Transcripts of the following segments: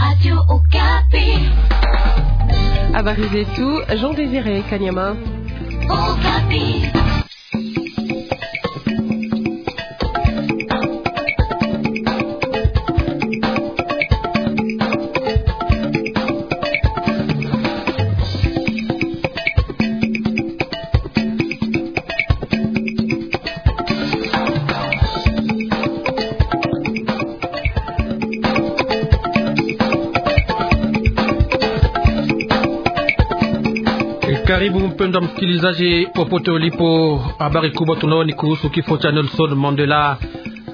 Radio Okapi. Habari tout, Jean Désiré Kanyama. Okapi. Karibu mpendwa msikilizaji, popote ulipo. Habari kubwa tunao ni kuhusu kifo cha Nelson Mandela.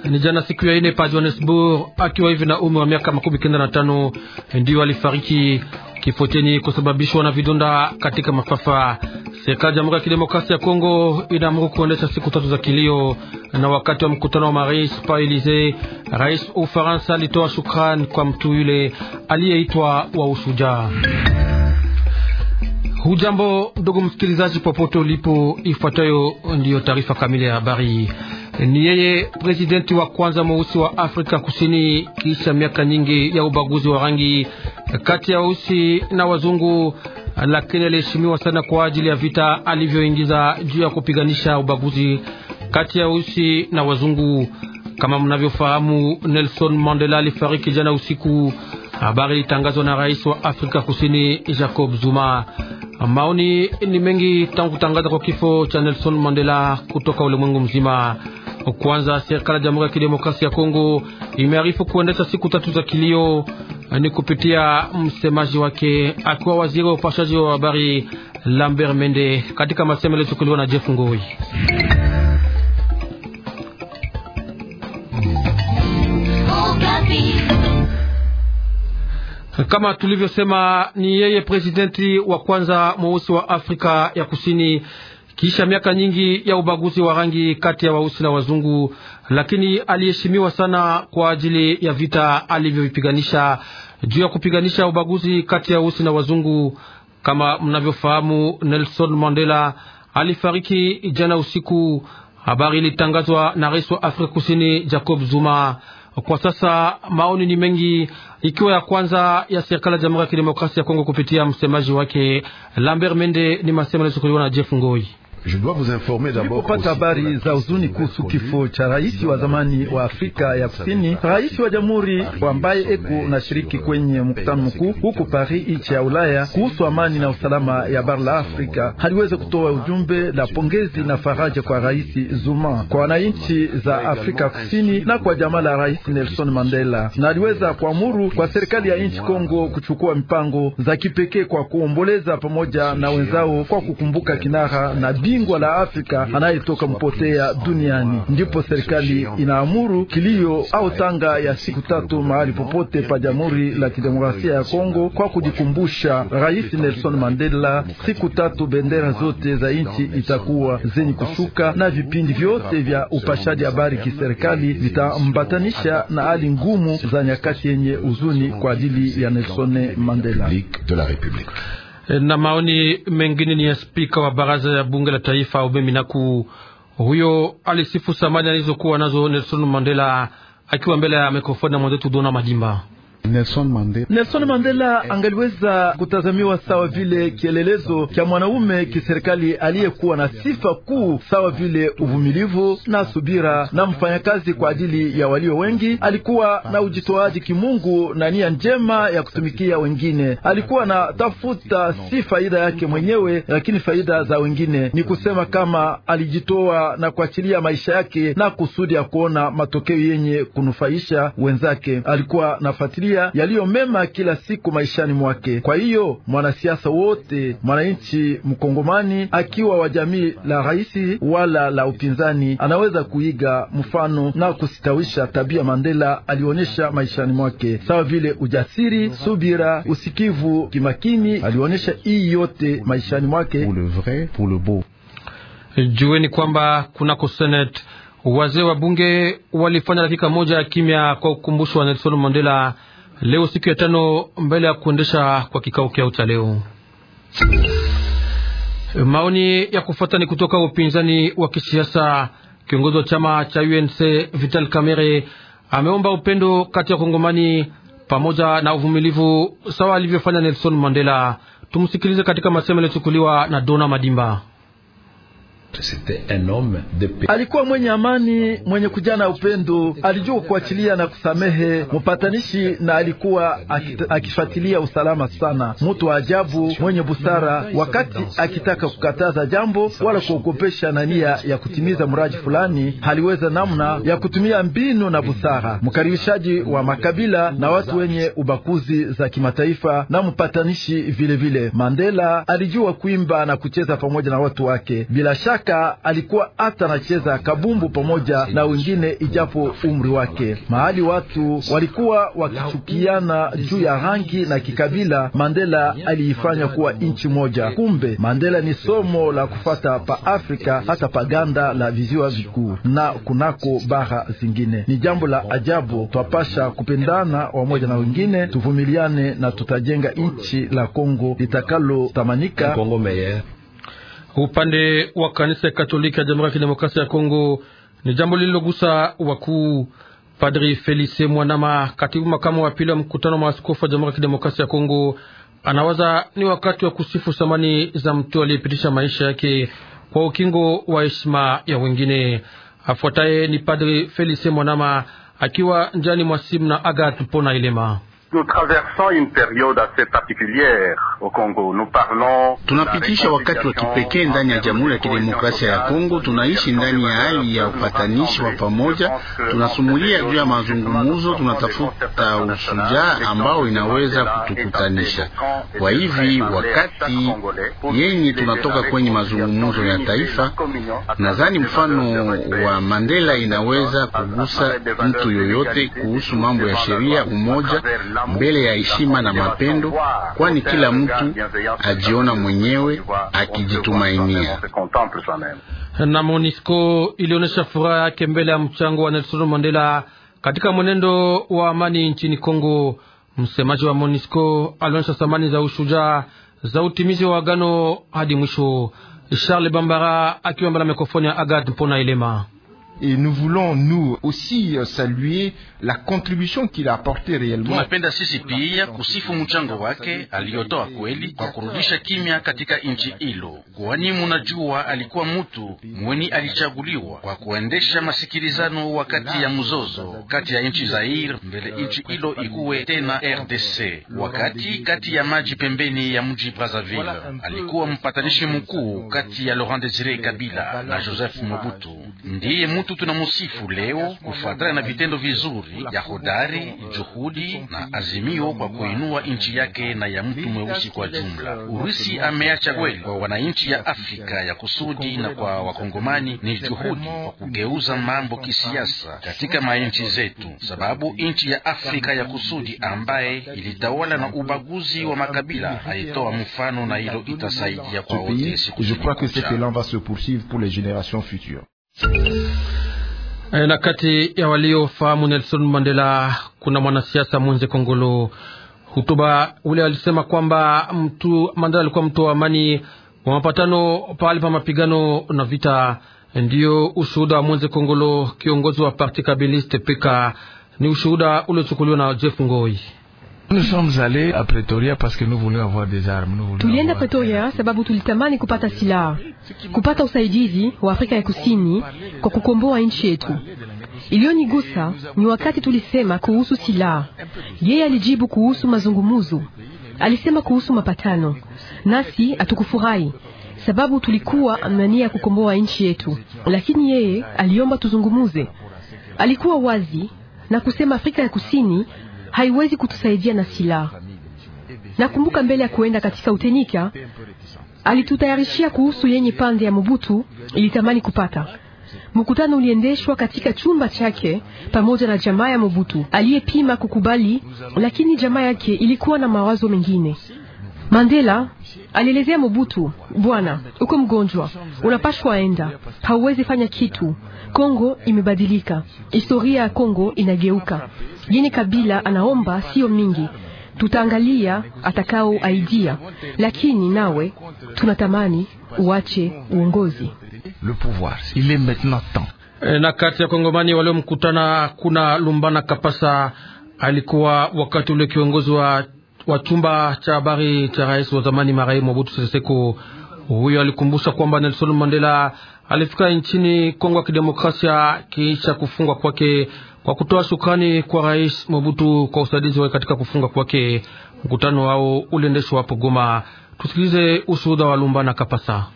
Ni jana siku ya ine pa Johannesburg, akiwa hivi na umri wa miaka makumi kenda na tano ndiyo alifariki, kifo chenye kusababishwa na vidonda katika mafafa. Serikali ya Jamhuri ya Kidemokrasia ya Kongo inaamuru kuendesha siku tatu za kilio, na wakati wa mkutano wa marais pa Elysee, rais wa Ufaransa alitoa shukrani kwa mtu yule aliyeitwa wa ushujaa. Hujambo ndugu msikilizaji, popote ulipo, ifuatayo ndiyo taarifa kamili ya habari. Ni yeye presidenti wa kwanza mweusi wa Afrika Kusini kisha miaka nyingi ya ubaguzi wa rangi kati ya weusi na wazungu, lakini aliheshimiwa sana kwa ajili ya vita alivyoingiza juu ya kupiganisha ubaguzi kati ya weusi na wazungu. Kama mnavyofahamu, Nelson Mandela alifariki jana usiku. Habari ilitangazwa na rais wa Afrika Kusini Jacob Zuma. Maoni ni mengi tangu kutangaza kwa kifo cha Nelson Mandela kutoka ulimwengu mzima. Kwanza, serikali ya Jamhuri ya Kidemokrasia ya Kongo imearifu kuendesha siku tatu za kilio, eh, ni kupitia msemaji wake akiwa waziri wa upashaji wa habari Lambert Mende, katika masemo yaliyochukuliwa na Jeff Ngoi. Kama tulivyosema, ni yeye presidenti wa kwanza mweusi wa Afrika ya Kusini kisha miaka nyingi ya ubaguzi wa rangi kati ya wausi na wazungu, lakini aliheshimiwa sana kwa ajili ya vita alivyovipiganisha juu ya kupiganisha ubaguzi kati ya wausi na wazungu. Kama mnavyofahamu, Nelson Mandela alifariki jana usiku. Habari ilitangazwa na rais wa Afrika Kusini Jacob Zuma. Kwa sasa maoni ni mengi, ikiwa ya kwanza ya serikali ya Jamhuri ya Kidemokrasia ya Kongo kupitia msemaji wake Lambert Mende ni masema yaliyochukuliwa na Jeff Ngoi. Nilipopata habari za huzuni kuhusu kifo cha rais wa zamani wa Afrika ya Kusini, rais wa jamhuri ambaye eko na shiriki kwenye mkutano mkuu huko Paris nchi ya Ulaya kuhusu amani na usalama ya bara la Afrika, haliweza kutoa ujumbe la pongezi na faraja kwa rais Zuma, kwa wananchi za Afrika Kusini na kwa jamaa la rais Nelson Mandela, na aliweza kuamuru kwa serikali ya nchi Kongo kuchukua mipango za kipekee kwa kuomboleza pamoja na wenzao kwa kukumbuka kinara na bingwa la Afrika anayetoka mpotea duniani. Ndipo serikali inaamuru kilio au tanga ya siku tatu mahali popote pa Jamhuri la Kidemokrasia ya Kongo kwa kujikumbusha Rais Nelson Mandela. Siku tatu bendera zote za nchi itakuwa zenye kushuka na vipindi vyote vya upashaji habari kiserikali vitambatanisha na hali ngumu za nyakati yenye huzuni kwa ajili ya Nelson Mandela. Na maoni mengine ni ya spika wa baraza ya bunge la taifa naku Huyo alisifu samani alizokuwa nazo Nelson Mandela akiwa mbele ya mikrofoni na mwenzetu Dona Madimba. Nelson Mandela. Nelson Mandela angaliweza kutazamiwa sawa vile kielelezo cha mwanaume kiserikali aliyekuwa na sifa kuu sawa vile uvumilivu na subira na mfanyakazi kwa ajili ya walio wengi. Alikuwa na ujitoaji kimungu na nia njema ya kutumikia wengine. Alikuwa na tafuta si faida yake mwenyewe, lakini faida za wengine. Ni kusema kama alijitoa na kuachilia maisha yake na kusudi ya kuona matokeo yenye kunufaisha wenzake. Alikuwa nafuatilia kufikia yaliyo mema kila siku maishani mwake. Kwa hiyo mwanasiasa wote, mwananchi mkongomani, akiwa wa jamii la raisi wala la upinzani, anaweza kuiga mfano na kusitawisha tabia Mandela alionyesha maishani mwake, sawa vile ujasiri, subira, usikivu, kimakini. Alionyesha hii yote maishani mwake. Jueni kwamba kunako Senate wazee wa bunge walifanya dakika moja ya kimya kwa ukumbusho wa Nelson Mandela leo siku ya tano mbele ya kuendesha kwa kikao kyao cha leo. Maoni ya kufuata ni kutoka upinzani wa kisiasa. Kiongozi wa chama cha UNC Vital Kamerhe ameomba upendo kati ya Kongomani pamoja na uvumilivu sawa alivyofanya Nelson Mandela. Tumsikilize katika masemo yaliyochukuliwa na Dona Madimba. Alikuwa mwenye amani, mwenye kujana upendo, alijua kuachilia na kusamehe mpatanishi, na alikuwa akifuatilia usalama sana, mtu wa ajabu, mwenye busara, wakati akitaka kukataza jambo wala kuogopesha na nia ya kutimiza mradi fulani, haliweza namna ya kutumia mbinu na busara, mkaribishaji wa makabila na watu wenye ubakuzi za kimataifa na mpatanishi vilevile vile. Mandela alijua kuimba na kucheza pamoja na watu wake bila shaka Baraka alikuwa hata anacheza kabumbu pamoja na wengine, ijapo umri wake. Mahali watu walikuwa wakichukiana juu ya rangi na kikabila, Mandela aliifanya kuwa nchi moja. Kumbe Mandela ni somo la kufata pa Afrika, hata pa ganda la viziwa vikuu na kunako bara zingine. Ni jambo la ajabu, twapasha kupendana wamoja na wengine, tuvumiliane na tutajenga nchi la Kongo litakalo tamanika. Upande wa kanisa Katoliki ya Jamhuri ya Kidemokrasia ya Kongo ni jambo lililogusa wakuu. Padri Felice Mwanama, katibu makamu wa pili wa mkutano wa maaskofu wa Jamhuri ya Kidemokrasia ya Kongo, anawaza ni wakati wa kusifu thamani za mtu aliyepitisha maisha yake kwa ukingo wa heshima ya wengine. Afuataye ni Padri Felice Mwanama akiwa njani mwa simu na Agat Pona Ilema. Nous traversons une assez au Congo. Nous parlons, tunapitisha wakati wa kipekee ndani ya Jamhuri ya Kidemokrasia ya Kongo. Tunaishi ndani ya hali ya upatanishi wa pamoja, tunasumulia juu ya mazungumzo, tunatafuta ushujaa ambao inaweza kutukutanisha. Kwa hivi wakati yenye tunatoka kwenye mazungumzo ya taifa, nadhani mfano wa Mandela inaweza kugusa mtu yoyote kuhusu mambo ya sheria, umoja mbele ya heshima na mapendo, kwani kila mtu ajiona mwenyewe akijitumainia. Na MONUSCO ilionyesha furaha yake mbele ya mchango wa Nelson Mandela katika mwenendo wa amani nchini Kongo. Msemaji wa MONUSCO alionyesha thamani za ushujaa za utimizi wa agano hadi mwisho. Charles Bambara akiwa mbele ya mikrofoni ya Agad Mpona Ilema. et nous voulons nous aussi euh, saluer la contribution qu'il a apportée réellement. Tunapenda sisi pia kusifu mchango wake aliyotoa kweli kwa kurudisha kimya katika nchi hilo, kwani munajua alikuwa mtu mweni alichaguliwa kwa kuendesha masikilizano wakati ya mzozo kati ya nchi Zaire mbele nchi hilo ikuwe tena RDC, wakati kati ya maji pembeni ya mji Brazzaville. Alikuwa mpatanishi mkuu kati ya Laurent Desire Kabila na Joseph Mobutu, ndiye mtu tunamusifu leo kufuatana na vitendo vizuri ya hodari, juhudi na azimio kwa kuinua nchi yake na ya mtu mweusi kwa jumla. urusi ameacha kweli kwa wananchi ya Afrika ya kusudi na kwa Wakongomani ni juhudi kwa kugeuza mambo kisiasa katika manchi zetu, sababu nchi ya Afrika ya kusudi ambaye ilitawala na ubaguzi wa makabila haitoa mfano, na hilo itasaidia kwa wote siku Eh, na kati ya waliofahamu Nelson Mandela kuna mwanasiasa mwenze Kongolo. Hutuba ule alisema kwamba mtu Mandela alikuwa mtu wa amani wa mapatano pahali pa mapigano na vita. Ndiyo ushuhuda wa mwenze Kongolo, kiongozi wa parti kabiliste pika Ni ushuhuda uliochukuliwa na Jeff Ngoi. Nous sommes allés à Pretoria parce que nous voulions avoir des armes. Tulienda Pretoria sababu tulitamani kupata silaha, kupata usaidizi wa Afrika ya Kusini kwa kukomboa nchi yetu. Iliyonigusa ni wakati tulisema kuhusu silaha, yeye alijibu kuhusu mazungumuzo, alisema kuhusu mapatano, nasi hatukufurahi sababu tulikuwa na nia ya kukomboa nchi yetu, lakini yeye aliomba tuzungumuze. Alikuwa wazi na kusema Afrika ya Kusini haiwezi kutusaidia na silaha. Nakumbuka mbele ya kuenda katika utenika alitutayarishia kuhusu yenye pande ya Mobutu ilitamani kupata. Mkutano uliendeshwa katika chumba chake pamoja na jamaa ya Mobutu aliyepima kukubali, lakini jamaa yake ilikuwa na mawazo mengine. Mandela alielezea Mobutu, bwana, uko mgonjwa, unapashwa enda, hauwezi fanya kitu. Kongo imebadilika, historia ya Kongo inageuka. Jini Kabila anaomba sio mingi, tutaangalia atakao aidia, lakini nawe tunatamani uache uongozi le pouvoir il est maintenant temps. E, na kati ya kongomani waliomkutana kuna Lumbana Kapasa, alikuwa wakati ule kiongozi wa wa chumba cha habari cha rais wa zamani marehemu Mobutu Sese Seko. Huyo alikumbusha kwamba Nelson Mandela alifika nchini Kongo ya Kidemokrasia kisha kufungwa kwake kwa kutoa shukrani kwa rais Mobutu kwa usaidizi wake katika kufunga kwake. Mkutano wao uliendeshwa hapo Goma. Tusikilize ushuhuda wa lumba na Kapasa.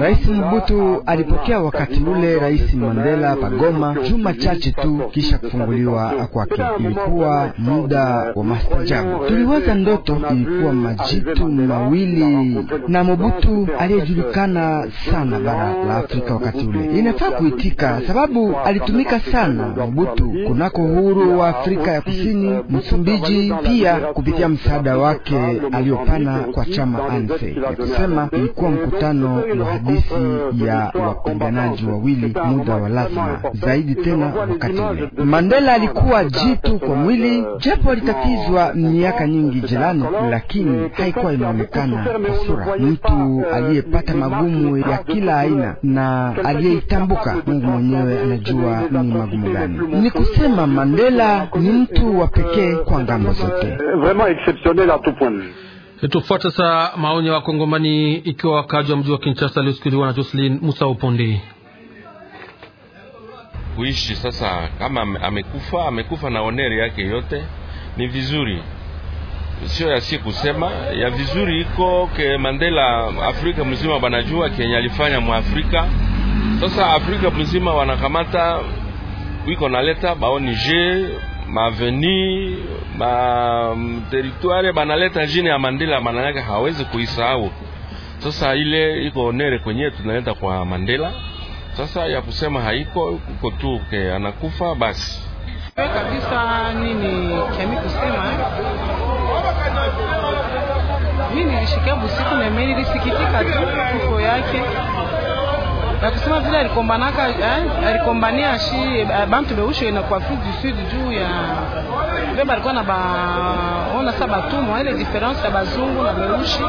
Rais Mobutu alipokea wakati ule Rais Mandela pagoma juma chache tu kisha kufunguliwa kwake. Ilikuwa muda wa mastajabu, tuliwaza ndoto, ilikuwa majitu mawili na Mobutu aliyejulikana sana bara la Afrika wakati ule. Inafaa kuitika sababu alitumika sana Mobutu kunako uhuru wa Afrika ya Kusini, Msumbiji, pia kupitia msaada wake aliyopana kwa chama ani Firenze ya ilikuwa mkutano wa hadisi ya wapiganaji wawili muda wa lazima zaidi tena. Wakati ule Mandela alikuwa jitu kwa mwili, japo alitatizwa miaka nyingi jelani, lakini haikuwa inaonekana kwa sura. Mtu aliyepata magumu ya kila aina na aliyeitambuka, Mungu mwenyewe anajua ni magumu gani. Ni kusema Mandela ni mtu wa pekee kwa ngambo zote. Tufuate sa maoni ya Wakongomani, ikiwa wakaji wa mji wa Kinshasa aliosikiliwa na joselin Musa Upondi. kuishi sasa. Kama amekufa amekufa na oneri yake yote, ni vizuri sio ya si kusema ya vizuri iko ke Mandela. Afrika mzima banajua kenye alifanya mwa Afrika. Sasa Afrika mzima wanakamata wiko naleta baoni je maveni ma mm, teritware banaleta jina ya Mandela, maana yake hawezi kuisahau. Sasa ile iko onere kwenye tunaleta kwa Mandela, sasa ya kusema haiko uko tu ke anakufa basi kabisa. Nini kemi kusema mimi eh? nilishikia busiku na mimi nilisikitika tu kufo ya Bakusema vile alikombanaka eh, alikombania shi eh, bantu beushe na kwa Afrique du Sud juu ya vema alikuwa na baona sa batumwa ile difference ya bazungu na beushi,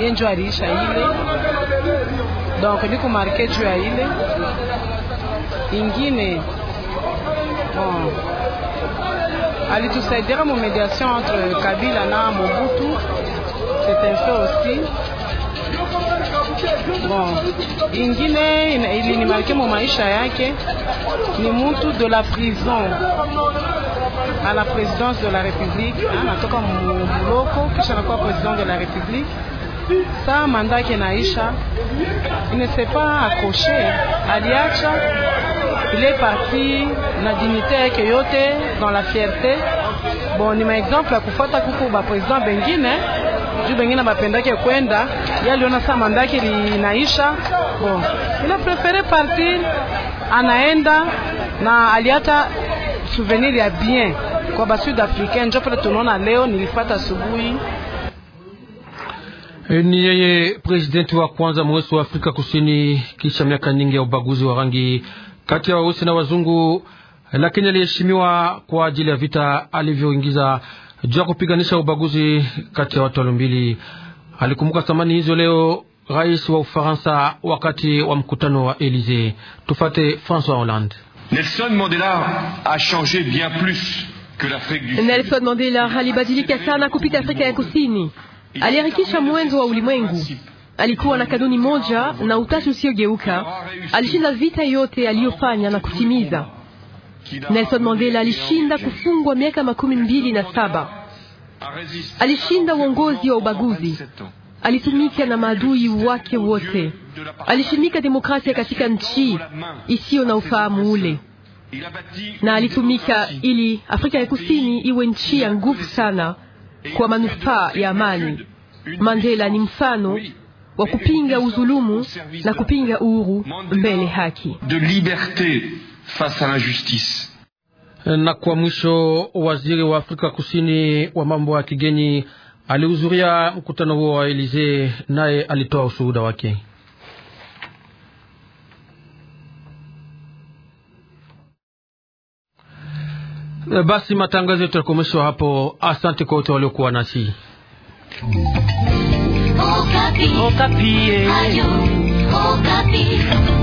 ye ndio aliisha ile donc niko marke juu ya ile ingine bon alitusaidia mu mediation entre Kabila na Mobutu, c'est un fait aussi bon ingine ilinimarke mu maisha yake ni mutu de la prison à la présidence de la république, anatoka muloko kisha anakuwa président de la république saa manda yake naisha, pas akoshe aliacha il ile parti na dignité yake yote dans la fierté. Bon, ni ma exemple ya kufuata kuku bapresident bengine juu bengine bapendake kwenda yaliona saa mandake linaisha bon, ila prefere partir, anaenda na aliata souvenir ya bien kwa sud africain, njo pale tunaona leo nilipata asubuhi e, ni yeye presidenti wa kwanza mweusi wa Afrika Kusini kisha miaka nyingi ya ubaguzi wa rangi kati ya weusi na wazungu, lakini aliheshimiwa kwa ajili ya vita alivyoingiza juu ya kupiganisha ubaguzi kati ya watu walio mbili alikumbuka thamani hizo leo rais wa Ufaransa wakati wa mkutano wa elisee Tufate Francois Hollande. Nelson Mandela a changé bien plus que l'Afrique du Sud. Nelson Mandela alibadilika sana kupita Afrika ya Kusini, aliharikisha mwenzo wa ulimwengu. Alikuwa na kanuni moja na utatu usiogeuka. Alishinda vita yote aliyofanya na kutimiza. Nelson Mandela alishinda kufungwa miaka makumi mbili na saba Alishinda uongozi wa ubaguzi, alitumika na maadui wake wote, alishimika demokrasia katika nchi isiyo na ufahamu ule, na alitumika ili Afrika ya Kusini iwe nchi ya nguvu sana kwa manufaa ya amani. Mandela ni mfano wa kupinga udhulumu na kupinga uhuru mbele haki. De liberté face à l'injustice. Na kwa mwisho, waziri wa Afrika Kusini wa mambo ya kigeni alihudhuria mkutano huo wa Elize, naye alitoa ushuhuda wake. Basi matangazo yetu yakomeshwa hapo. Asante kwa wote waliokuwa nasi Okapi. Oh, Okapi. Oh, Ayo, Okapi. Oh,